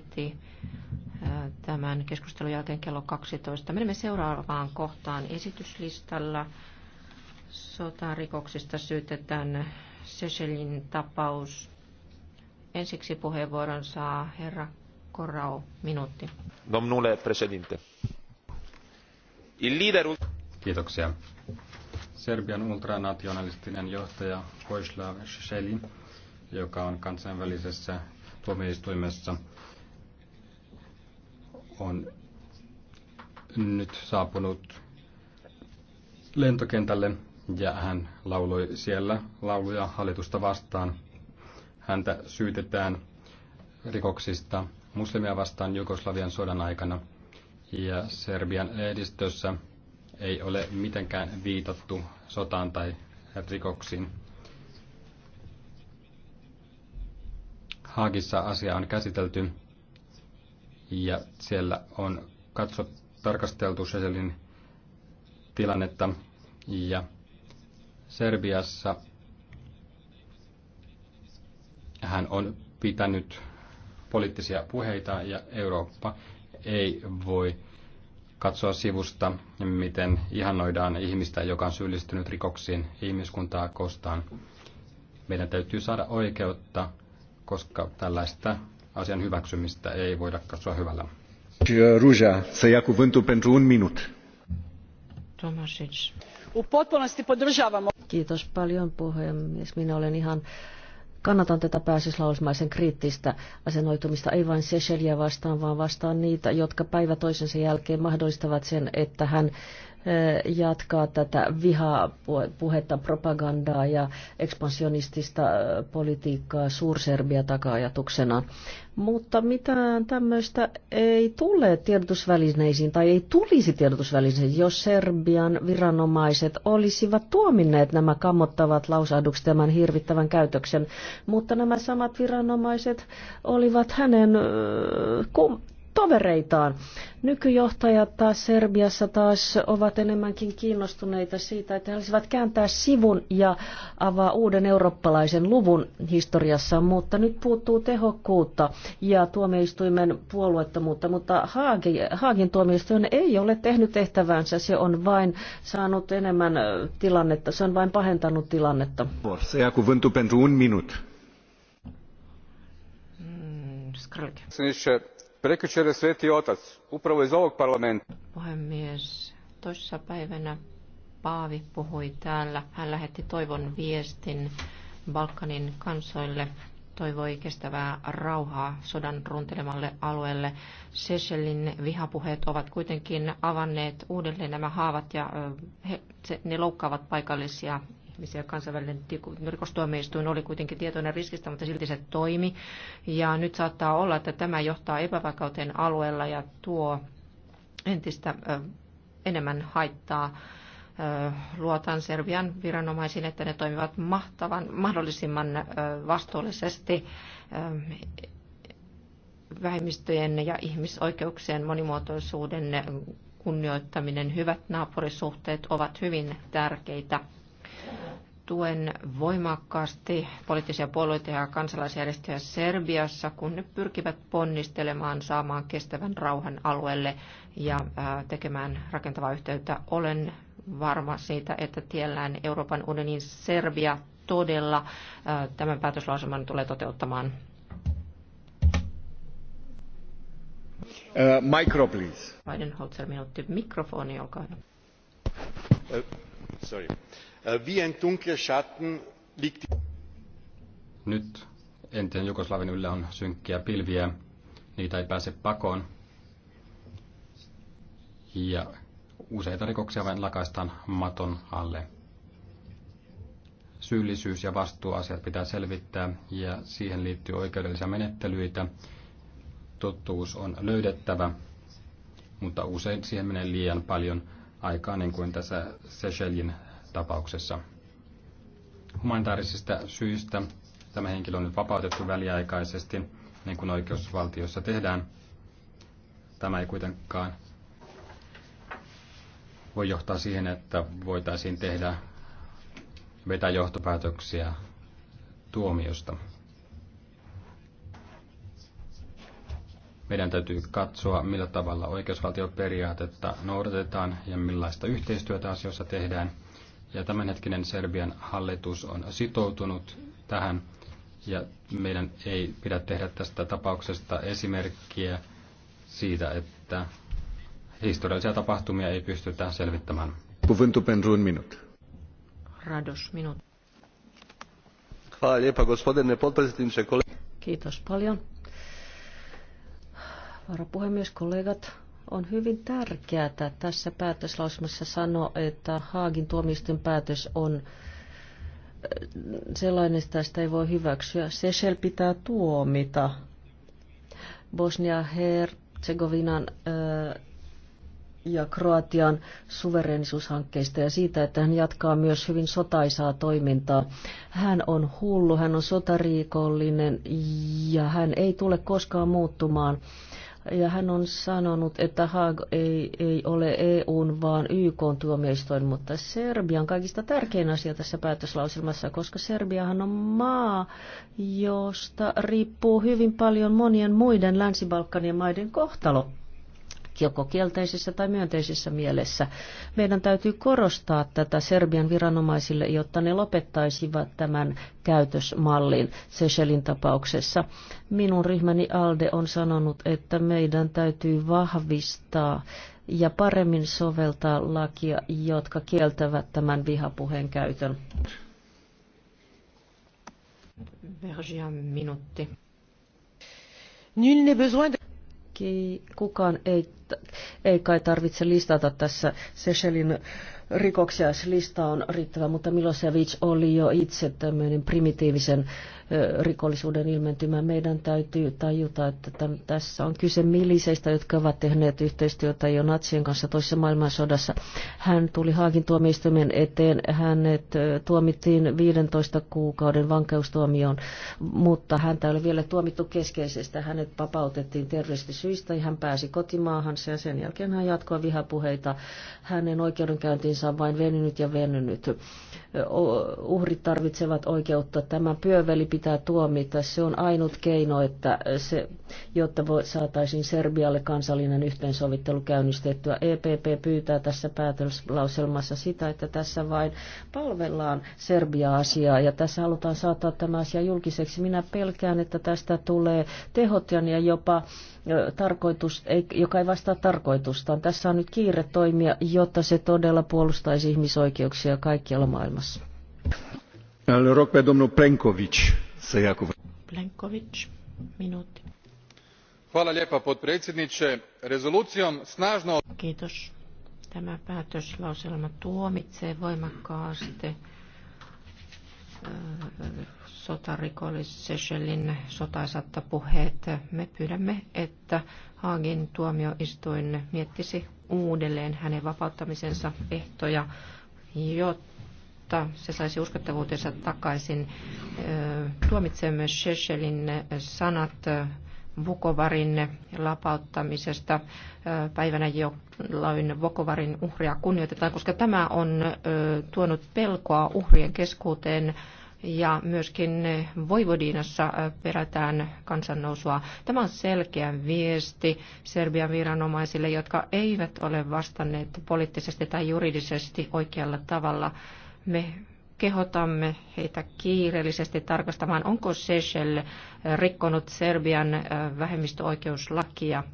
heti tämän keskustelun jälkeen kello 12. Menemme seuraavaan kohtaan esityslistalla. Sotarikoksista syytetään Seselin tapaus. Ensiksi puheenvuoron saa herra Korrao, minuutti. Domnule presidente. Il Kiitoksia. Serbian ultranationalistinen johtaja Vojislav Šešelin, joka on kansainvälisessä tuomioistuimessa – on nyt saapunut lentokentälle ja hän lauloi siellä lauluja hallitusta vastaan. Häntä syytetään rikoksista muslimia vastaan Jugoslavian sodan aikana ja Serbian lehdistössä ei ole mitenkään viitattu sotaan tai rikoksiin. Haagissa asia on käsitelty ja siellä on katso, tarkasteltu Seselin tilannetta ja Serbiassa hän on pitänyt poliittisia puheita ja Eurooppa ei voi katsoa sivusta, miten ihannoidaan ihmistä, joka on syyllistynyt rikoksiin ihmiskuntaa kostaan. Meidän täytyy saada oikeutta, koska tällaista asian hyväksymistä ei voida katsoa hyvällä. Ruja, se jää cuvântul pentru un minut. Kiitos paljon puhemies. Minä olen ihan Kannatan tätä pääsislausumaisen kriittistä asennoitumista ei vain Seychellia vastaan, vaan vastaan niitä, jotka päivä toisensa jälkeen mahdollistavat sen, että hän jatkaa tätä vihaa puhetta, propagandaa ja ekspansionistista politiikkaa Suurserbia taka-ajatuksena. Mutta mitään tämmöistä ei tule tiedotusvälineisiin tai ei tulisi tiedotusvälineisiin, jos Serbian viranomaiset olisivat tuominneet nämä kammottavat lausahdukset tämän hirvittävän käytöksen. Mutta nämä samat viranomaiset olivat hänen tovereitaan. Nykyjohtajat taas Serbiassa taas ovat enemmänkin kiinnostuneita siitä, että he olisivat kääntää sivun ja avaa uuden eurooppalaisen luvun historiassa, mutta nyt puuttuu tehokkuutta ja tuomioistuimen puolueettomuutta, mutta Haagin, Haagin tuomioistuin ei ole tehnyt tehtävänsä, se on vain saanut enemmän tilannetta, se on vain pahentanut tilannetta. Se pentru un minut. Mm, prekjuer je sveti otac upravo iz ovog parlamenta puhemies toissa päivänä paavi puhui täällä hän lähetti toivon viestin balkanin kansoille toivoi kestävää rauhaa sodan runtelemalle alueelle. Seychellin vihapuheet ovat kuitenkin avanneet uudelleen nämä haavat ja he, se, ne loukkaavat paikallisia missä Kansainvälinen rikostuomioistuin oli kuitenkin tietoinen riskistä, mutta silti se toimi. Ja nyt saattaa olla, että tämä johtaa epävakauteen alueella ja tuo entistä enemmän haittaa luotan Serbian viranomaisiin, että ne toimivat mahtavan, mahdollisimman vastuullisesti vähemmistöjen ja ihmisoikeuksien monimuotoisuuden kunnioittaminen, hyvät naapurisuhteet ovat hyvin tärkeitä tuen voimakkaasti poliittisia puolueita ja kansalaisjärjestöjä Serbiassa, kun ne pyrkivät ponnistelemaan saamaan kestävän rauhan alueelle ja äh, tekemään rakentavaa yhteyttä. Olen varma siitä, että tiellään Euroopan unionin Serbia todella äh, tämän päätöslauseman tulee toteuttamaan. Uh, micro, please. Biden Holzer, minuutti. Mikrofoni, olkaa hyvä. Uh Äh, wie ein dunkler Schatten liegt... Nyt entinen Jugoslavin yllä on synkkiä pilviä. Niitä ei pääse pakoon. Ja useita rikoksia vain lakaistaan maton alle. Syyllisyys- ja vastuuasiat pitää selvittää ja siihen liittyy oikeudellisia menettelyitä. Totuus on löydettävä, mutta usein siihen menee liian paljon aikaa, niin kuin tässä Sechelin tapauksessa. Humanitaarisista syistä tämä henkilö on nyt vapautettu väliaikaisesti, niin kuin oikeusvaltiossa tehdään. Tämä ei kuitenkaan voi johtaa siihen, että voitaisiin tehdä vetää johtopäätöksiä tuomiosta. Meidän täytyy katsoa, millä tavalla oikeusvaltioperiaatetta noudatetaan ja millaista yhteistyötä asioissa tehdään – ja tämänhetkinen Serbian hallitus on sitoutunut tähän ja meidän ei pidä tehdä tästä tapauksesta esimerkkiä siitä, että historiallisia tapahtumia ei pystytä selvittämään. Puvintu penruun minut. Rados minut. Kiitos paljon. Varapuhemies, kollegat, on hyvin tärkeää tässä päätöslausumassa sanoa, että Haagin tuomioistuin päätös on äh, sellainen, että sitä ei voi hyväksyä. Sechel pitää tuomita Bosnia-Herzegovinan äh, ja Kroatian suverenisuushankkeista ja siitä, että hän jatkaa myös hyvin sotaisaa toimintaa. Hän on hullu, hän on sotariikollinen ja hän ei tule koskaan muuttumaan ja hän on sanonut, että Haag ei, ei ole EUn, vaan YK tuomioistuin, mutta Serbia on kaikista tärkein asia tässä päätöslauselmassa, koska Serbiahan on maa, josta riippuu hyvin paljon monien muiden Länsi-Balkanien maiden kohtalo joko kielteisessä tai myönteisessä mielessä. Meidän täytyy korostaa tätä Serbian viranomaisille, jotta ne lopettaisivat tämän käytösmallin Seychellin tapauksessa. Minun ryhmäni ALDE on sanonut, että meidän täytyy vahvistaa ja paremmin soveltaa lakia, jotka kieltävät tämän vihapuheen käytön. Vergia minuutti. Nul n'est besoin de kukaan ei, ei kai tarvitse listata tässä Seychellin rikoksia, lista on riittävä, mutta Milosevic oli jo itse tämmöinen primitiivisen äh, rikollisuuden ilmentymään. Meidän täytyy tajuta, että täm, tässä on kyse miliseistä, jotka ovat tehneet yhteistyötä jo natsien kanssa toisessa maailmansodassa. Hän tuli Haagin tuomioistuimen eteen. Hänet tuomittiin 15 kuukauden vankeustuomioon, mutta häntä ei ole vielä tuomittu keskeisestä. Hänet vapautettiin terroristisyistä ja hän pääsi kotimaahansa ja sen jälkeen hän jatkoi vihapuheita. Hänen oikeudenkäyntinsä on vain venynyt ja venynyt. Uhrit tarvitsevat oikeutta. Tämä pyöveli pitää tuomita. Se on ainut keino, että se, jotta voi, saataisiin Serbialle kansallinen yhteensovittelu käynnistettyä. EPP pyytää tässä päätöslauselmassa sitä, että tässä vain palvellaan Serbia-asiaa ja tässä halutaan saattaa tämä asia julkiseksi. Minä pelkään, että tästä tulee tehot ja jopa tarkoitus, joka ei vastaa tarkoitustaan. Tässä on nyt kiire toimia, jotta se todella puolustaisi ihmisoikeuksia kaikkialla maailmassa. Plenković arvoisa rezoluution Kiitos. Tämä päätöslauselma tuomitsee voimakkaasti sotarikollis Sechelin sotaisat puheet. Me pyydämme, että Haagin tuomioistuin miettisi uudelleen hänen vapauttamisensa ehtoja, jotta jotta se saisi uskottavuutensa takaisin. myös Shechelin sanat Vukovarin lapauttamisesta päivänä, jolloin Vukovarin uhria kunnioitetaan, koska tämä on tuonut pelkoa uhrien keskuuteen ja myöskin Voivodinassa perätään kansannousua. Tämä on selkeä viesti Serbian viranomaisille, jotka eivät ole vastanneet poliittisesti tai juridisesti oikealla tavalla me kehotamme heitä kiireellisesti tarkastamaan, onko Seychelles rikkonut Serbian vähemmistöoikeuslakia.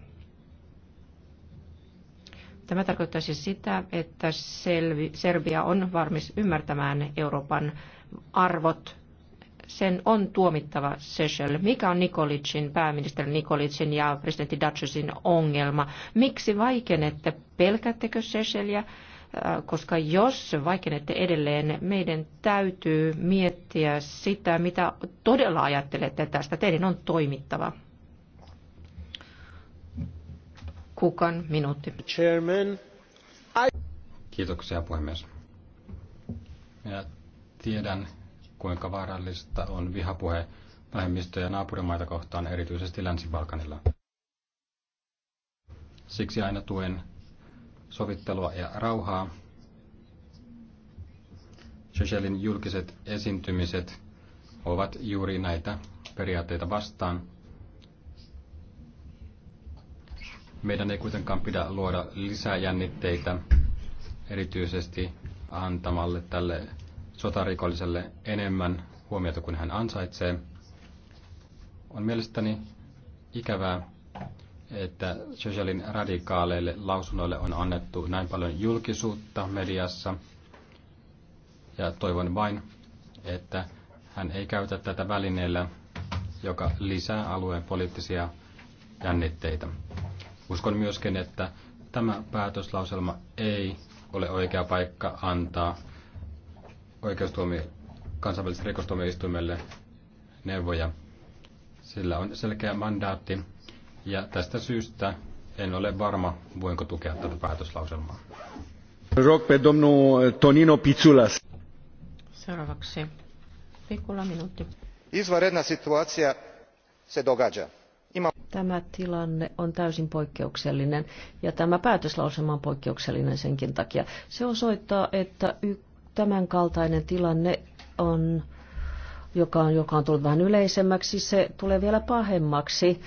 Tämä tarkoittaisi sitä, että Serbia on varmis ymmärtämään Euroopan arvot. Sen on tuomittava Seychelles. Mikä on Nikolicin, pääministeri Nikolicin ja presidentti Dacisin ongelma? Miksi vaikenette? pelkättekö Seychellesia? Äh, koska jos vaikenette edelleen, meidän täytyy miettiä sitä, mitä todella ajattelette tästä. Teidän on toimittava. Kukan minuutti. Chairman, Kiitoksia puhemies. Minä tiedän, kuinka vaarallista on vihapuhe vähemmistöjä naapurimaita kohtaan, erityisesti Länsi-Balkanilla. Siksi aina tuen sovittelua ja rauhaa. Shechelin julkiset esiintymiset ovat juuri näitä periaatteita vastaan. Meidän ei kuitenkaan pidä luoda lisää jännitteitä, erityisesti antamalle tälle sotarikolliselle enemmän huomiota kuin hän ansaitsee. On mielestäni ikävää, että Chechelin radikaaleille lausunnoille on annettu näin paljon julkisuutta mediassa. Ja toivon vain, että hän ei käytä tätä välineellä, joka lisää alueen poliittisia jännitteitä. Uskon myöskin, että tämä päätöslauselma ei ole oikea paikka antaa oikeustuomi, kansainväliselle rikostuomioistuimelle neuvoja. Sillä on selkeä mandaatti ja tästä syystä en ole varma, voinko tukea tätä päätöslauselmaa. Rog pe domnul Tonino Pitsulas. Seuraavaksi Pikula minuutti. isvaredna situaatio se događa. Tämä tilanne on täysin poikkeuksellinen ja tämä päätöslauselma on poikkeuksellinen senkin takia. Se osoittaa, että y- tämänkaltainen tilanne on, joka on, joka on tullut vähän yleisemmäksi, se tulee vielä pahemmaksi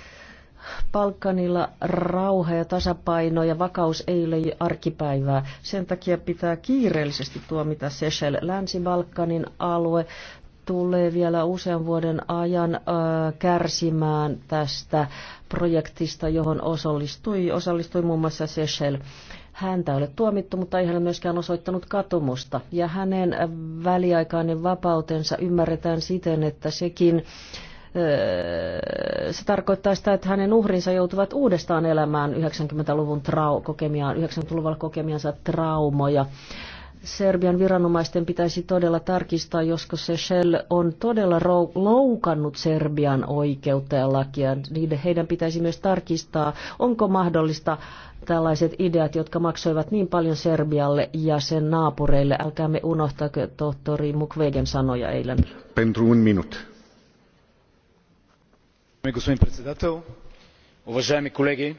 Balkanilla rauha ja tasapaino ja vakaus ei ole arkipäivää. Sen takia pitää kiireellisesti tuomita Seychelles. Länsi-Balkanin alue tulee vielä usean vuoden ajan ö, kärsimään tästä projektista, johon osallistui, osallistui muun muassa Seychelles. Häntä ei ole tuomittu, mutta ei hän myöskään osoittanut katumusta. Ja hänen väliaikainen vapautensa ymmärretään siten, että sekin Öö, se tarkoittaa sitä, että hänen uhrinsa joutuvat uudestaan elämään 90-luvun trau- kokemiaan, 90-luvulla kokemiansa traumoja. Serbian viranomaisten pitäisi todella tarkistaa, josko Seychell on todella loukannut Serbian oikeutta ja lakia. Heidän pitäisi myös tarkistaa, onko mahdollista tällaiset ideat, jotka maksoivat niin paljon Serbialle ja sen naapureille. Älkäämme unohtako tohtori Mukwegen sanoja eilen. Pentru un minut господин председател уважаеми колеги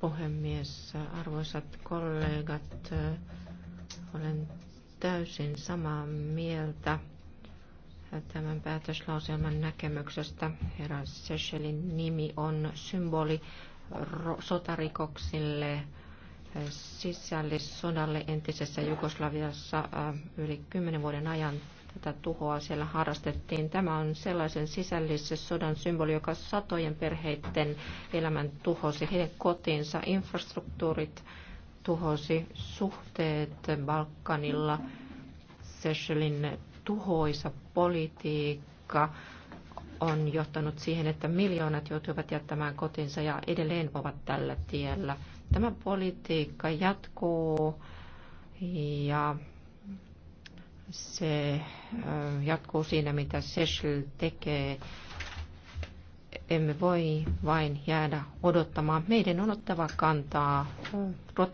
puhemies arvoisat kollegat olen täysin samaa mieltä tämän päätöslauselman näkemyksestä. Herra Sechelin nimi on symboli sotarikoksille eh, sisällissodalle entisessä Jugoslaviassa eh, yli kymmenen vuoden ajan tätä tuhoa siellä harrastettiin. Tämä on sellaisen sodan symboli, joka satojen perheiden elämän tuhosi, heidän kotiinsa, infrastruktuurit tuhosi, suhteet Balkanilla, Seychellin tuhoisa politiikka on johtanut siihen, että miljoonat joutuivat jättämään kotinsa ja edelleen ovat tällä tiellä. Tämä politiikka jatkuu ja se jatkuu siinä, mitä Sechel tekee. Emme voi vain jäädä odottamaan. Meidän on ottava kantaa.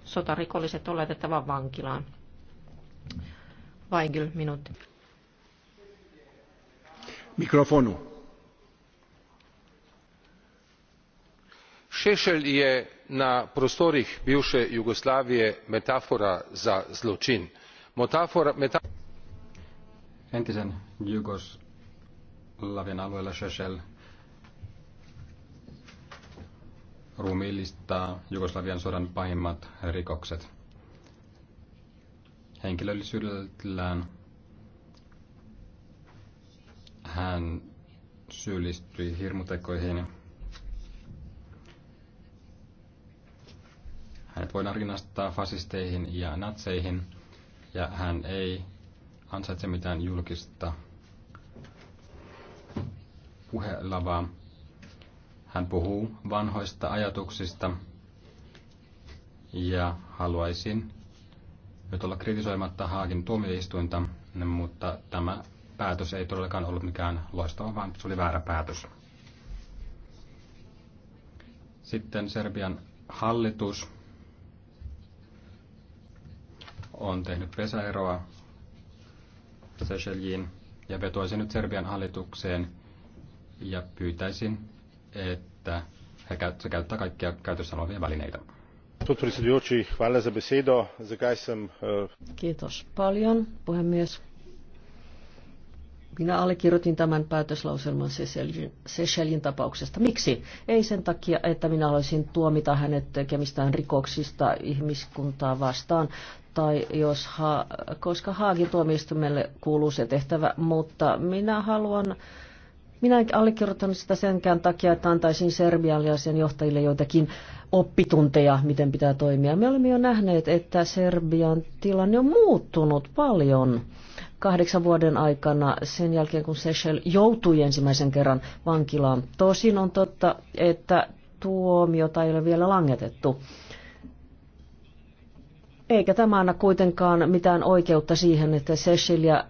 Sotarikolliset on laitettava vankilaan. Vaigel, minuutti. Mikrofonu. šešelj je na prostorih bivše jugoslavije metafora za zločin. Metafora, metafora entisen Jugoslavian alueella Shechel ruumiillistaa Jugoslavian sodan pahimmat rikokset. Henkilöllisyydellään hän syyllistyi hirmutekoihin. Hänet voidaan rinnastaa fasisteihin ja natseihin, ja hän ei ansaitse mitään julkista puhelavaa. Hän puhuu vanhoista ajatuksista ja haluaisin nyt olla kritisoimatta Haagin tuomioistuinta, mutta tämä päätös ei todellakaan ollut mikään loistava, vaan se oli väärä päätös. Sitten Serbian hallitus on tehnyt pesäeroa Seychelliin ja vetoaisin nyt Serbian hallitukseen ja pyytäisin, että he käyt, se käyttää kaikkia käytössä olevia välineitä. Eh, Kiitos paljon, puhemies. Minä allekirjoitin tämän päätöslauselman Seychellin tapauksesta. Miksi? Ei sen takia, että minä haluaisin tuomita hänet tekemistään rikoksista ihmiskuntaa vastaan, tai jos ha- koska Haagin tuomioistumelle kuuluu se tehtävä, mutta minä haluan minä en allekirjoittanut sitä senkään takia, että antaisin Serbialle ja sen johtajille joitakin oppitunteja, miten pitää toimia. Me olemme jo nähneet, että Serbian tilanne on muuttunut paljon kahdeksan vuoden aikana sen jälkeen, kun Seychelles joutui ensimmäisen kerran vankilaan. Tosin on totta, että tuomiota ei ole vielä langetettu. Eikä tämä anna kuitenkaan mitään oikeutta siihen, että Cecilia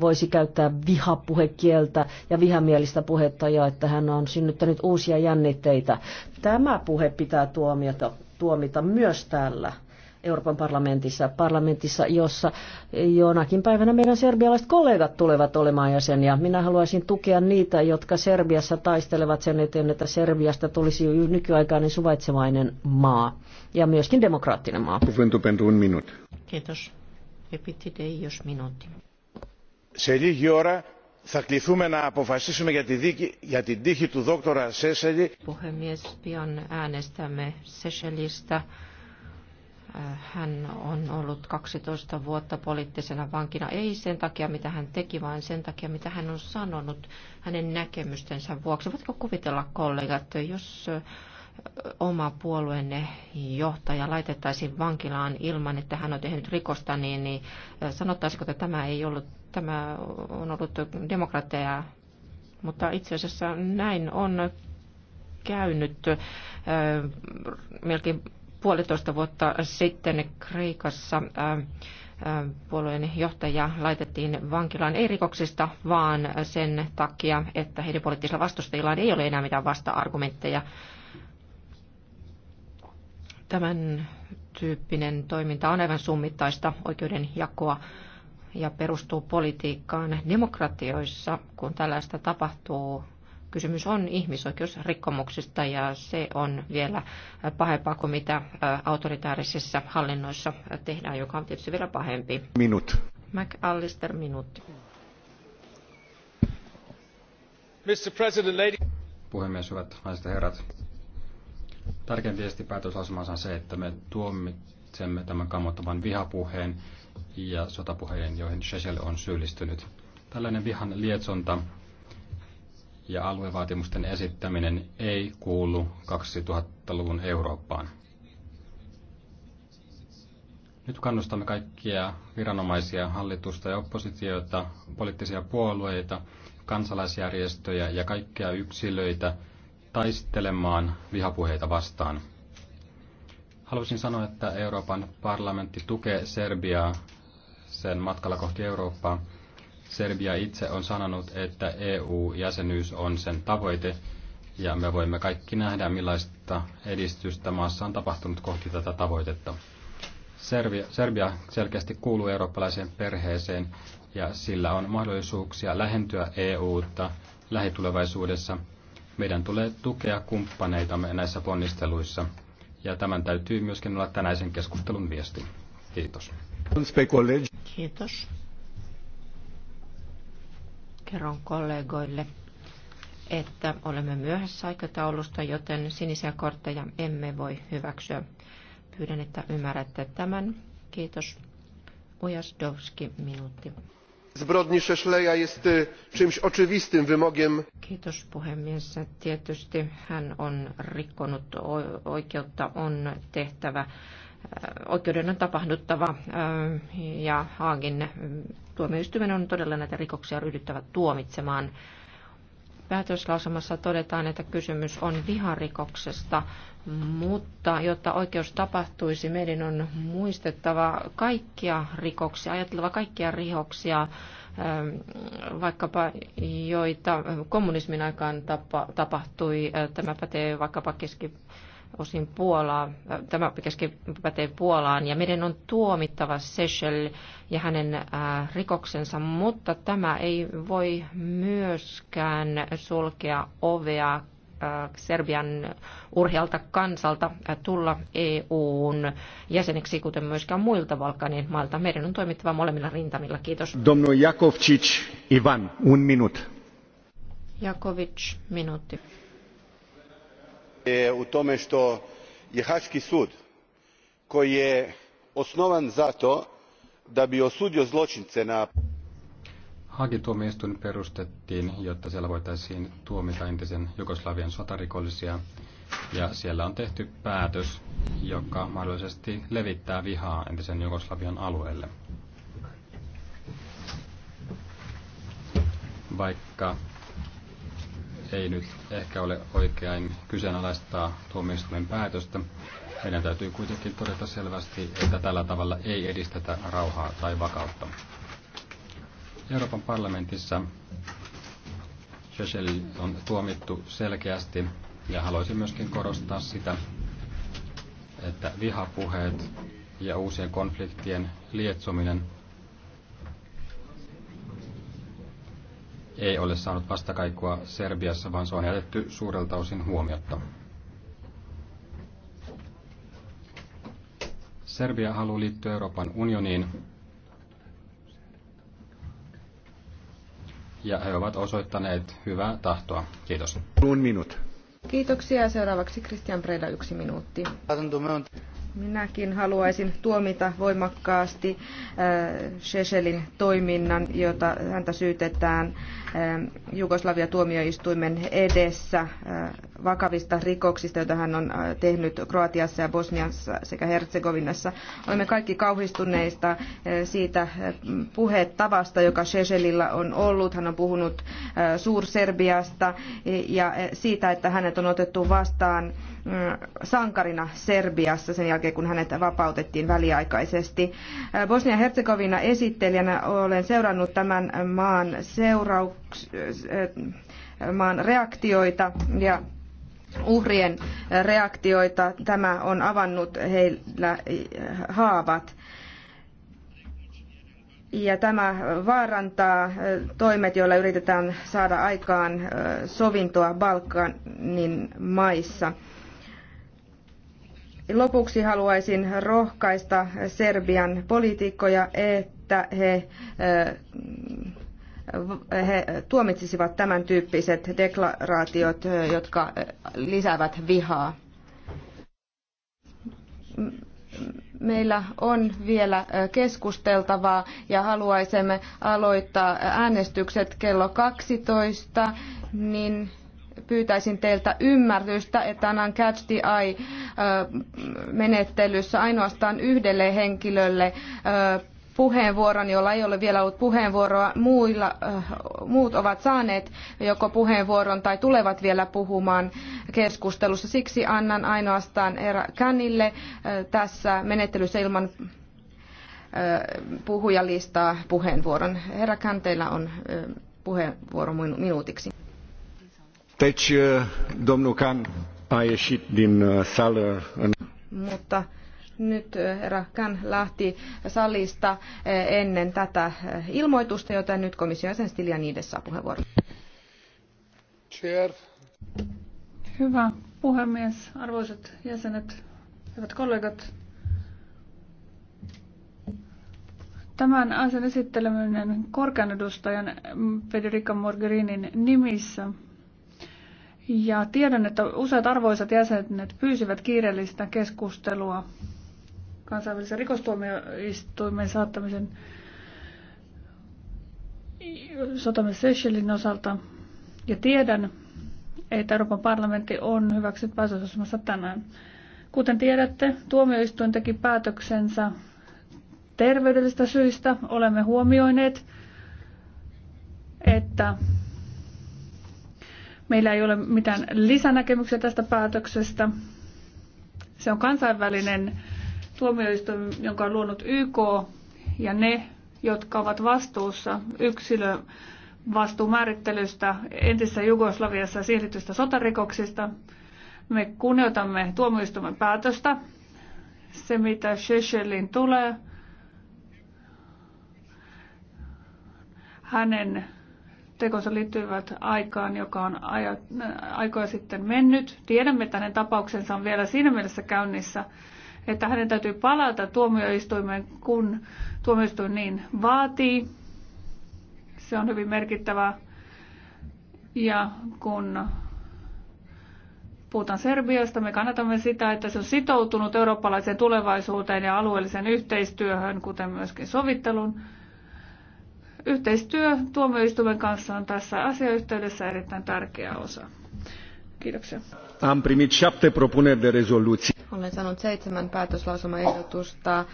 voisi käyttää vihapuhekieltä ja vihamielistä puhetta ja että hän on synnyttänyt uusia jännitteitä. Tämä puhe pitää tuomita, tuomita myös täällä Euroopan parlamentissa, parlamentissa, jossa jonakin päivänä meidän serbialaiset kollegat tulevat olemaan jäseniä. Minä haluaisin tukea niitä, jotka Serbiassa taistelevat sen eteen, että Serbiasta tulisi nykyaikainen suvaitsevainen maa ja myöskin demokraattinen maa. Kiitos. Επιτιδέιος μηνώτη. Σε λίγη ώρα θα κληθούμε να αποφασίσουμε για, τη δίκη, για την τύχη του δόκτωρα Σέσελη. Puhemies, pian äänestämme Seselistä. Hän on ollut 12 vuotta poliittisena vankina, ei sen takia mitä hän teki, vaan sen takia mitä hän on sanonut hänen näkemystensä vuoksi. Voitko kuvitella kollegat, jos oma puolueenne johtaja laitettaisiin vankilaan ilman, että hän on tehnyt rikosta, niin, niin sanottaisiko, että tämä, ei ollut, tämä on ollut demokratia, mutta itse asiassa näin on käynyt melkein puolitoista vuotta sitten Kreikassa puolueen johtaja laitettiin vankilaan ei rikoksista, vaan sen takia, että heidän poliittisilla vastustajillaan ei ole enää mitään vasta-argumentteja. Tämän tyyppinen toiminta on aivan summittaista oikeudenjakoa ja perustuu politiikkaan demokratioissa, kun tällaista tapahtuu Kysymys on ihmisoikeusrikkomuksista ja se on vielä pahempaa kuin mitä autoritaarisissa hallinnoissa tehdään, joka on tietysti vielä pahempi. Minut. McAllister, minuutti. Mr. President, lady... Puhemies, hyvät naiset ja herrat. Tärkein viesti päätöslausumansa on se, että me tuomitsemme tämän kammottavan vihapuheen ja sotapuheen, joihin Shechel on syyllistynyt. Tällainen vihan lietsonta ja aluevaatimusten esittäminen ei kuulu 2000-luvun Eurooppaan. Nyt kannustamme kaikkia viranomaisia, hallitusta ja oppositiota, poliittisia puolueita, kansalaisjärjestöjä ja kaikkia yksilöitä taistelemaan vihapuheita vastaan. Haluaisin sanoa, että Euroopan parlamentti tukee Serbiaa sen matkalla kohti Eurooppaa Serbia itse on sanonut, että EU-jäsenyys on sen tavoite, ja me voimme kaikki nähdä, millaista edistystä maassa on tapahtunut kohti tätä tavoitetta. Serbia, Serbia selkeästi kuuluu eurooppalaiseen perheeseen, ja sillä on mahdollisuuksia lähentyä EU-ta lähitulevaisuudessa. Meidän tulee tukea kumppaneitamme näissä ponnisteluissa, ja tämän täytyy myöskin olla tänäisen keskustelun viesti. Kiitos. Kiitos. Kerron kollegoille, että olemme myöhässä aikataulusta, joten sinisiä kortteja emme voi hyväksyä. Pyydän, että ymmärrätte tämän. Kiitos. Ujasdowski, minuutti. Zbrodni Szeszleja jest czymś oczywistym wymogiem. Kiitos puhemies. Tietysti hän on rikkonut oikeutta, on tehtävä oikeuden on tapahduttava ja Haagin tuomioistuimen on todella näitä rikoksia ryhdyttävä tuomitsemaan. Päätöslausumassa todetaan, että kysymys on viharikoksesta, mutta jotta oikeus tapahtuisi, meidän on muistettava kaikkia rikoksia, ajatteleva kaikkia rikoksia, ähm, vaikkapa joita kommunismin aikaan tapahtui. Äh, tämä pätee vaikkapa keski osin Puolaa, äh, tämä keski pätee Puolaan, ja meidän on tuomittava Sechel ja hänen äh, rikoksensa, mutta tämä ei voi myöskään sulkea ovea äh, Serbian urhealta kansalta tulla EUn jäseneksi, kuten myöskään muilta Balkanin mailta. Meidän on toimittava molemmilla rintamilla. Kiitos. Domno Jakovčić, Ivan, un minut. Jakovic, minuutti je u tome što je haški sud koji je osnovan zato da bi osudio zločince na Haagituomioistuin perustettiin, jotta siellä voitaisiin tuomita entisen Jugoslavian sotarikollisia. Ja siellä on tehty päätös, joka mahdollisesti levittää vihaa entisen Jugoslavian alueelle. Vaikka ei nyt ehkä ole oikein kyseenalaistaa tuomioistuimen päätöstä. Meidän täytyy kuitenkin todeta selvästi, että tällä tavalla ei edistetä rauhaa tai vakautta. Euroopan parlamentissa Shechel on tuomittu selkeästi ja haluaisin myöskin korostaa sitä, että vihapuheet ja uusien konfliktien lietsominen – ei ole saanut vastakaikua Serbiassa, vaan se on jätetty suurelta osin huomiotta. Serbia haluaa liittyä Euroopan unioniin ja he ovat osoittaneet hyvää tahtoa. Kiitos. Minut. Kiitoksia. Seuraavaksi Christian Preda, yksi minuutti. Minäkin haluaisin tuomita voimakkaasti äh, Sheselin toiminnan, jota häntä syytetään äh, Jugoslavia-tuomioistuimen edessä äh, vakavista rikoksista, joita hän on tehnyt Kroatiassa ja Bosniassa sekä Herzegovinassa. Olemme kaikki kauhistuneista siitä puhetavasta, joka Sheselillä on ollut. Hän on puhunut Suur-Serbiasta ja siitä, että hänet on otettu vastaan sankarina Serbiassa sen jälkeen, jälkeen, kun hänet vapautettiin väliaikaisesti. Bosnia-Herzegovina esittelijänä olen seurannut tämän maan seurauks, äh, maan reaktioita ja uhrien reaktioita. Tämä on avannut heillä äh, haavat. Ja tämä vaarantaa äh, toimet, joilla yritetään saada aikaan sovintoa Balkanin maissa. Lopuksi haluaisin rohkaista Serbian poliitikkoja, että he, he tuomitsisivat tämän tyyppiset deklaraatiot, jotka lisäävät vihaa. Meillä on vielä keskusteltavaa ja haluaisimme aloittaa äänestykset kello 12, niin pyytäisin teiltä ymmärrystä, että annan catch the eye-menettelyssä ainoastaan yhdelle henkilölle puheenvuoron, jolla ei ole vielä ollut puheenvuoroa. Muilla, muut ovat saaneet joko puheenvuoron tai tulevat vielä puhumaan keskustelussa. Siksi annan ainoastaan Era Känille tässä menettelyssä ilman puhujalistaa puheenvuoron. Herra Kän, teillä on puheenvuoro minuutiksi. Deci, eh, domnul Khan a ieșit din eh, sală. În... Mutta nyt eh, herra Khan lähti salista ennen tätä ilmoitusta, joten nyt komission jäsen Stiljanides saa puheenvuoron. Chair. Hyvä puhemies, arvoisat jäsenet, hyvät kollegat. Tämän asian esitteleminen korkean edustajan mm, Federica Morgerinin nimissä – ja tiedän, että useat arvoisat jäsenet pyysivät kiireellistä keskustelua kansainvälisen rikostuomioistuimen saattamisen sotamisen Seychellin osalta. Ja tiedän, että Euroopan parlamentti on hyväksynyt pääsosasemassa tänään. Kuten tiedätte, tuomioistuin teki päätöksensä terveydellisistä syistä. Olemme huomioineet, että Meillä ei ole mitään lisänäkemyksiä tästä päätöksestä. Se on kansainvälinen tuomioistuin, jonka on luonut YK ja ne, jotka ovat vastuussa yksilö vastuumäärittelystä entisessä Jugoslaviassa siirrytystä sotarikoksista. Me kunnioitamme tuomioistuimen päätöstä. Se, mitä Shechelin tulee, hänen tekonsa liittyvät aikaan, joka on aja, aikoja sitten mennyt. Tiedämme, että hänen tapauksensa on vielä siinä mielessä käynnissä, että hänen täytyy palata tuomioistuimeen, kun tuomioistuin niin vaatii. Se on hyvin merkittävä Ja kun puhutaan Serbiasta, me kannatamme sitä, että se on sitoutunut eurooppalaiseen tulevaisuuteen ja alueelliseen yhteistyöhön, kuten myöskin sovittelun Yhteistyö tuomioistuimen kanssa on tässä asiayhteydessä erittäin tärkeä osa. Kiitoksia. Am primit șapte propuneri de rezoluție. Olen saanut seitsemän päätöslausumaehdotusta.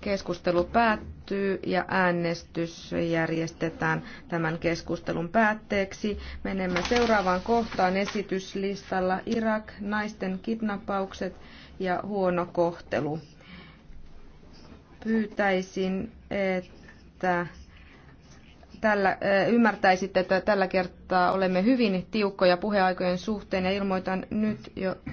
Keskustelu päättyy ja äänestys järjestetään tämän keskustelun päätteeksi. Menemme seuraavaan kohtaan esityslistalla Irak, naisten kidnappaukset ja huono kohtelu. Pyytäisin, että tällä, ymmärtäisitte, että tällä kertaa olemme hyvin tiukkoja puheaikojen suhteen ja ilmoitan nyt jo